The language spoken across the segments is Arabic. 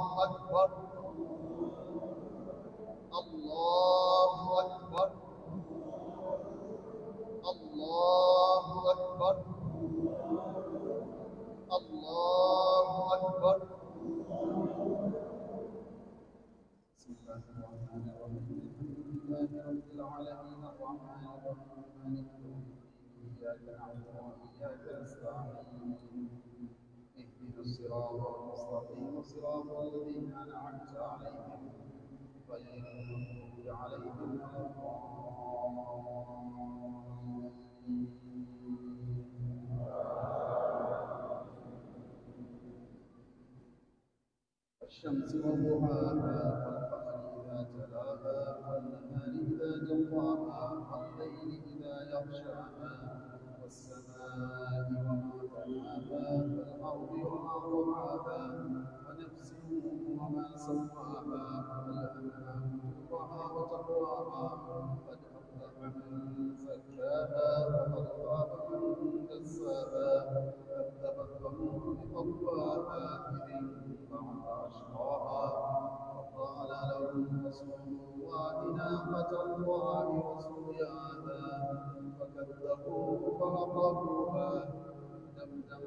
الله أكبر المستقيم صراط الذين أنعمت عليهم غير المغضوب عليهم ولا الشمس وضحاها والقمر إذا تلاها والنهار إذا جواها والليل إذا يغشاها والسماء والأرض وما طحاها ونفس وما سواها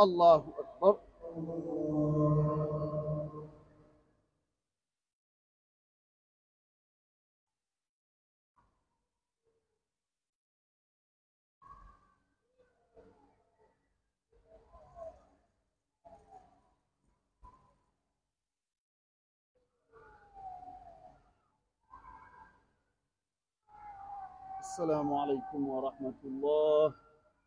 الله أكبر السلام عليكم ورحمة الله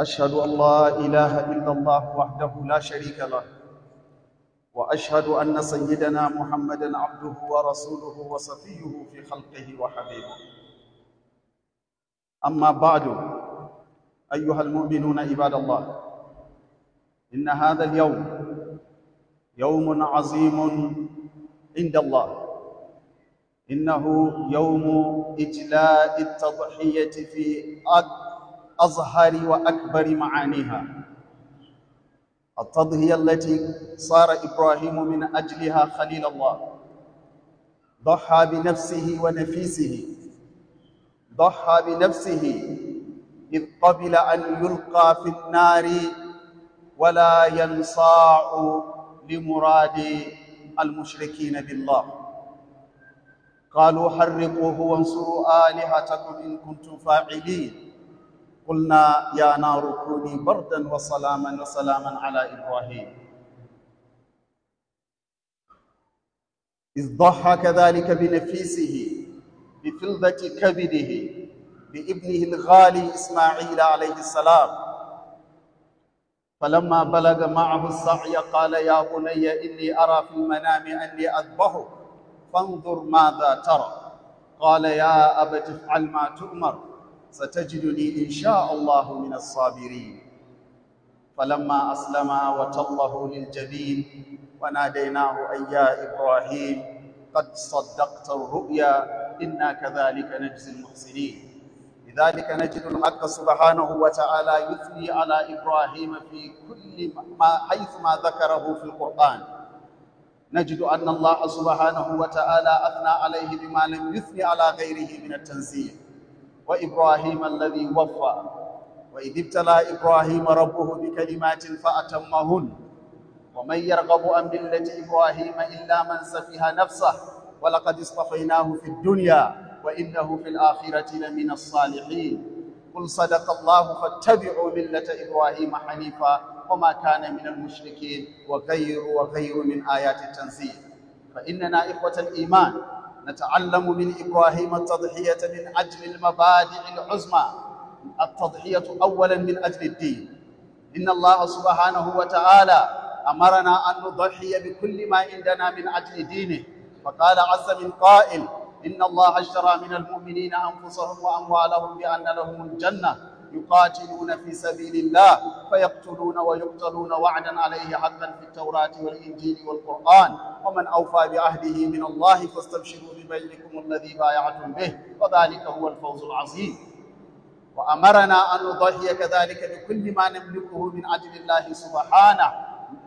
أشهد أن لا إله إلا الله وحده لا شريك له وأشهد أن سيدنا محمدًا عبده ورسوله وصفيه في خلقه وحبيبه أما بعد أيها المؤمنون عباد الله إن هذا اليوم يوم عظيم عند الله إنه يوم إجلاء التضحية في أظهر وأكبر معانيها التضحية التي صار إبراهيم من أجلها خليل الله ضحى بنفسه ونفيسه ضحى بنفسه إذ قبل أن يلقى في النار ولا ينصاع لمراد المشركين بالله قالوا حرقوه وانصروا آلهتكم إن كنتم فاعلين قلنا يا نار كوني بردا وسلاما وسلاما على إبراهيم إذ ضحى كذلك بنفيسه بفلدة كبده بابنه الغالي إسماعيل عليه السلام فلما بلغ معه السعي قال يا بني إني أرى في المنام أني أذبحك فانظر ماذا ترى قال يا أبت افعل ما تؤمر ستجدني إن شاء الله من الصابرين فلما أسلم وتله للجبين وناديناه أي يا إبراهيم قد صدقت الرؤيا إنا كذلك نجزي المحسنين لذلك نجد الحق سبحانه وتعالى يثني على إبراهيم في كل ما حيث ما ذكره في القرآن نجد أن الله سبحانه وتعالى أثنى عليه بما لم يثني على غيره من التنزيه وإبراهيم الذي وفى وإذ ابتلى إبراهيم ربه بكلمات فأتمهن ومن يرغب عن ملة إبراهيم إلا من سفه نفسه ولقد اصطفيناه في الدنيا وإنه في الآخرة لمن الصالحين قل صدق الله فاتبعوا ملة إبراهيم حنيفا وما كان من المشركين وغير وغير من آيات التنزيل فإننا إخوة الإيمان نتعلم من إبراهيم التضحية من أجل المبادئ العظمى التضحية أولا من أجل الدين إن الله سبحانه وتعالى أمرنا أن نضحي بكل ما عندنا من أجل دينه فقال عز من قائل إن الله اشترى من المؤمنين أنفسهم وأموالهم بأن لهم الجنة يقاتلون في سبيل الله فيقتلون ويقتلون وعدا عليه حقا في التوراة والإنجيل والقرآن ومن أوفى بعهده من الله فاستبشروا ببينكم الذي بايعتم به وذلك هو الفوز العظيم وأمرنا أن نضحي كذلك بكل ما نملكه من أجل الله سبحانه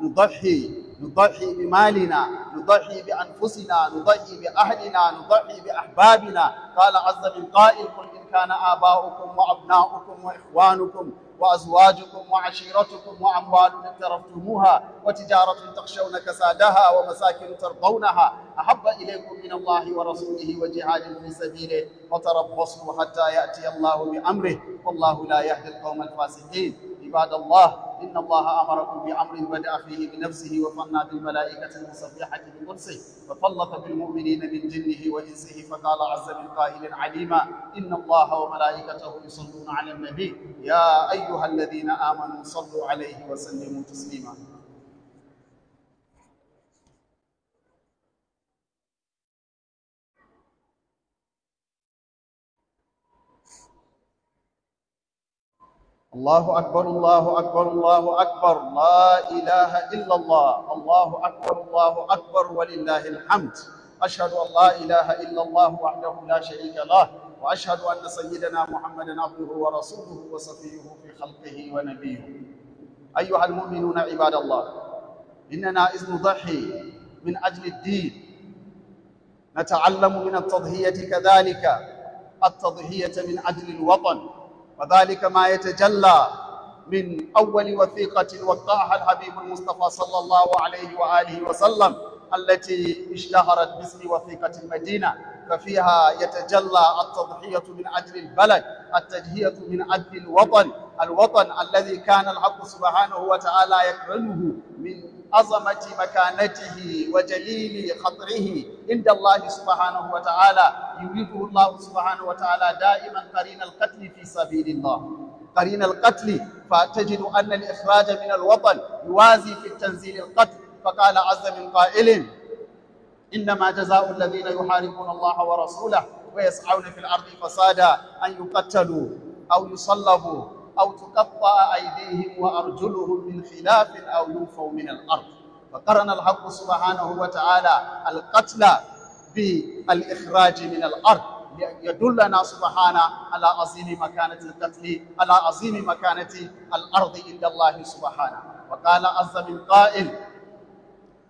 نضحي نضحي بمالنا نضحي بأنفسنا نضحي بأهلنا نضحي بأحبابنا قال عز من قائل قل إن كان آباؤكم وأبناؤكم وإخوانكم وأزواجكم وعشيرتكم وأموال اقترفتموها وتجارة تخشون كسادها ومساكن ترضونها أحب إليكم من الله ورسوله وجهاد في سبيله وتربصوا حتى يأتي الله بأمره والله لا يهدي القوم الفاسقين عباد الله إن الله أمركم بأمر بدأ فيه بنفسه وفنى بالملائكة المسبحة بقدسه وفلط بالمؤمنين من جنه وإنسه فقال عز من قائل عليما إن الله وملائكته يصلون على النبي يا أيها الذين آمنوا صلوا عليه وسلموا تسليما الله أكبر الله أكبر الله أكبر لا إله إلا الله الله أكبر الله أكبر ولله الحمد أشهد أن لا إله إلا الله وحده لا شريك له وأشهد أن سيدنا محمدا عبده ورسوله وصفيه في خلقه ونبيه أيها المؤمنون عباد الله إننا إذ نضحي من أجل الدين نتعلم من التضحية كذلك التضحية من أجل الوطن وذلك ما يتجلى من أول وثيقة وقعها الحبيب المصطفى صلى الله عليه وآله وسلم التي اشتهرت باسم وثيقة المدينة ففيها يتجلى التضحية من أجل البلد التجهية من أجل الوطن الوطن الذي كان الحق سبحانه وتعالى يكرمه من عظمة مكانته وجليل خطره عند الله سبحانه وتعالى يريده الله سبحانه وتعالى دائما قرين القتل في سبيل الله قرين القتل فتجد أن الإخراج من الوطن يوازي في التنزيل القتل فقال عز من قائل إنما جزاء الذين يحاربون الله ورسوله ويسعون في الأرض فسادا أن يقتلوا أو يصلبوا أو تقطع أيديهم وأرجلهم من خلاف أو ينفوا من الأرض فقرن الحق سبحانه وتعالى القتل بالإخراج من الأرض يدلنا سبحانه على عظيم مكانة القتل على عظيم مكانة الأرض إلا الله سبحانه وقال عز من قائل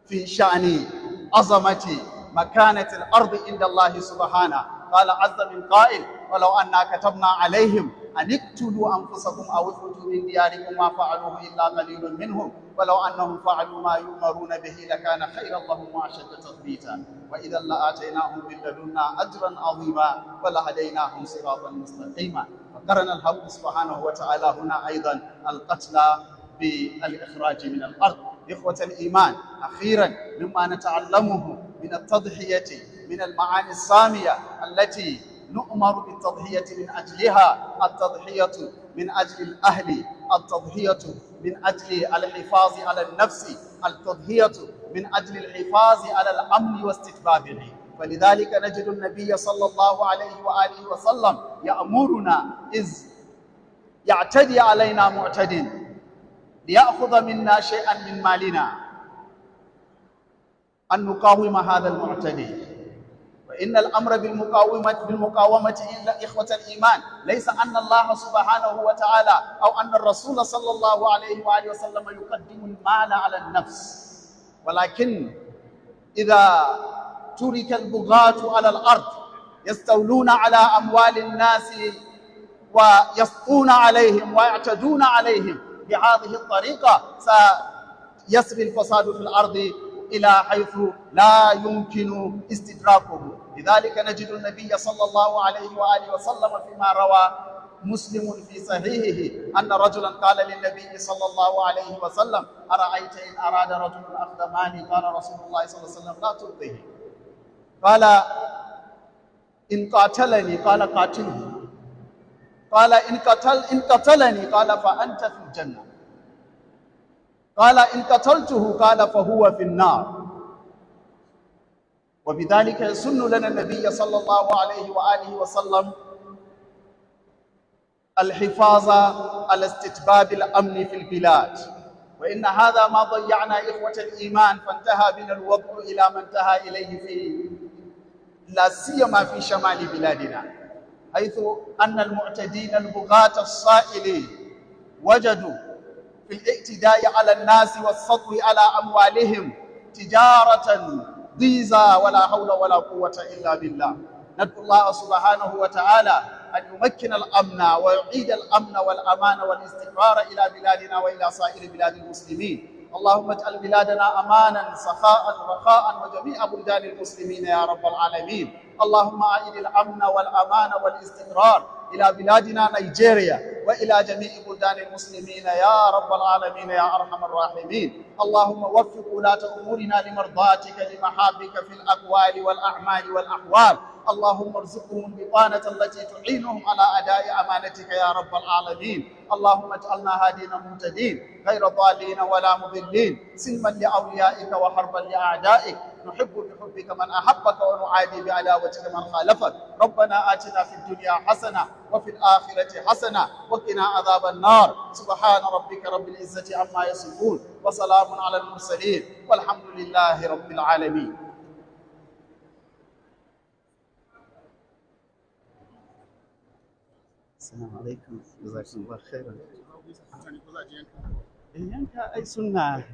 في شأن عظمة مكانة الأرض عند الله سبحانه قال عز من قائل ولو أنا كتبنا عليهم أن اقتلوا أنفسكم أو اخرجوا من دياركم ما فعلوه إلا قليل منهم ولو أنهم فعلوا ما يؤمرون به لكان خير اللهم وأشد تثبيتا وإذا لآتيناهم من لدنا أجرا عظيما ولهديناهم صراطا مستقيما وقرن الحق سبحانه وتعالى هنا أيضا القتل بالإخراج من الأرض إخوة الإيمان أخيرا مما نتعلمه من التضحية من المعاني السامية التي نؤمر بالتضحية من أجلها التضحية من أجل الأهل التضحية من أجل الحفاظ على النفس التضحية من أجل الحفاظ على الأمن واستتبابه فلذلك نجد النبي صلى الله عليه وآله وسلم يأمرنا إذ يعتدي علينا معتد ليأخذ منا شيئا من مالنا أن نقاوم هذا المعتدي إن الأمر بالمقاومة بالمقاومة إلا إخوة الإيمان ليس أن الله سبحانه وتعالى أو أن الرسول صلى الله عليه وآله وسلم يقدم المال على النفس ولكن إذا ترك البغاة على الأرض يستولون على أموال الناس ويسقون عليهم ويعتدون عليهم بهذه الطريقة سيسري الفساد في الأرض إلى حيث لا يمكن استدراكه لذلك نجد النبي صلى الله عليه وآله وسلم فيما روى مسلم في صحيحه أن رجلا قال للنبي صلى الله عليه وسلم أرأيت إن أراد رجل أخذ مالي قال رسول الله صلى الله عليه وسلم لا تلقيه قال إن قاتلني قال قاتله قال إن قتل إن قتلني قال فأنت في الجنة قال إن قتلته قال فهو في النار وبذلك يسن لنا النبي صلى الله عليه وآله وسلم الحفاظ على استتباب الأمن في البلاد وإن هذا ما ضيعنا إخوة الإيمان فانتهى بنا الوضع إلى ما انتهى إليه في لا سيما في شمال بلادنا حيث أن المعتدين البغاة الصائلين وجدوا في الاعتداء على الناس والسطو على أموالهم تجارة ضيزى ولا حول ولا قوة إلا بالله ندعو الله سبحانه وتعالى أن يمكن الأمن ويعيد الأمن والأمان والاستقرار إلى بلادنا وإلى سائر بلاد المسلمين اللهم اجعل بلادنا أمانا سخاء رخاء وجميع بلدان المسلمين يا رب العالمين اللهم أعد الأمن والأمان والاستقرار إلى بلادنا نيجيريا وإلى جميع بلدان المسلمين يا رب العالمين يا أرحم الراحمين اللهم وفق ولاة أمورنا لمرضاتك لمحابك في الأقوال والأعمال والأحوال اللهم ارزقهم البطانة التي تعينهم على أداء أمانتك يا رب العالمين اللهم اجعلنا هادين مهتدين غير ضالين ولا مضلين سلما لأوليائك وحربا لأعدائك نحب بحبك من أحبك ونعادي بعلاوتك من خالفك ربنا آتنا في الدنيا حسنة وفي الآخرة حسنة وقنا عذاب النار سبحان ربك رب العزة عما يصفون وسلام على المرسلين والحمد لله رب العالمين السلام عليكم جزاكم الله خيرا اي انت اي سنه